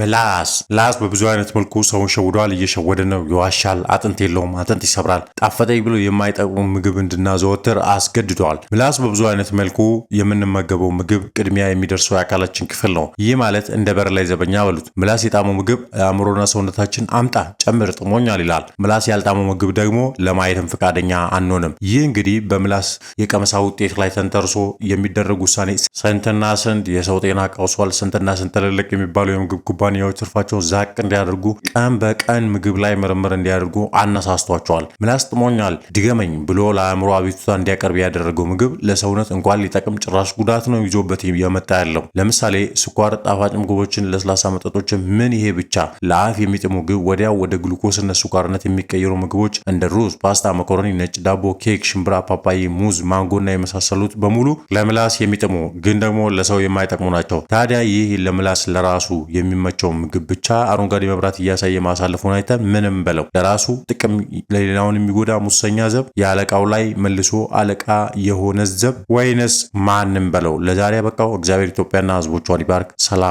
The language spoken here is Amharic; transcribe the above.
ምላስ ምላስ በብዙ አይነት መልኩ ሰውን ሸውዷል፣ እየሸወደ ነው፣ ይዋሻል፣ አጥንት የለውም፣ አጥንት ይሰብራል፣ ጣፈጠኝ ብሎ የማይጠቅሙ ምግብ እንድናዘወትር አስገድደዋል። ምላስ በብዙ አይነት መልኩ የምንመገበው ምግብ ቅድሚያ የሚደርሰው የአካላችን ክፍል ነው። ይህ ማለት እንደ በር ላይ ዘበኛ በሉት። ምላስ የጣመው ምግብ አእምሮና ሰውነታችን አምጣ ጨምር ጥሞኛል ይላል። ምላስ ያልጣመው ምግብ ደግሞ ለማየትም ፈቃደኛ አንሆንም። ይህ እንግዲህ በምላስ የቀመሳ ውጤት ላይ ተንተርሶ የሚደረግ ውሳኔ ስንትና ስንት የሰው ጤና ቀውሷል፣ ስንትና ስንት ትልልቅ የሚባለው የምግብ ኩባንያዎች ትርፋቸው ዛቅ እንዲያደርጉ ቀን በቀን ምግብ ላይ ምርምር እንዲያደርጉ አነሳስቷቸዋል። ምላስ ጥሞኛል ድገመኝ ብሎ ለአእምሮ አቤቱታ እንዲያቀርብ ያደረገው ምግብ ለሰውነት እንኳን ሊጠቅም ጭራሽ ጉዳት ነው ይዞበት የመጣ ያለው። ለምሳሌ ስኳር፣ ጣፋጭ ምግቦችን፣ ለስላሳ መጠጦችን ምን ይሄ ብቻ ለአፍ የሚጥም ምግብ ወዲያው ወደ ግሉኮስነት ስኳርነት የሚቀየሩ ምግቦች እንደ ሩዝ፣ ፓስታ፣ መኮረኒ፣ ነጭ ዳቦ፣ ኬክ፣ ሽምብራ፣ ፓፓይ፣ ሙዝ፣ ማንጎና የመሳሰሉት በሙሉ ለምላስ የሚጥሙ ግን ደግሞ ለሰው የማይጠቅሙ ናቸው። ታዲያ ይህ ለምላስ ለራሱ የሚመ የፈለጋቸውን ምግብ ብቻ አረንጓዴ መብራት እያሳየ ማሳለፉን አይተ ምንም በለው ለራሱ ጥቅም ለሌላውን የሚጎዳ ሙሰኛ ዘብ የአለቃው ላይ መልሶ አለቃ የሆነ ዘብ ወይንስ ማንም በለው። ለዛሬ በቃው። እግዚአብሔር ኢትዮጵያና ሕዝቦቿን ይባርክ። ሰላም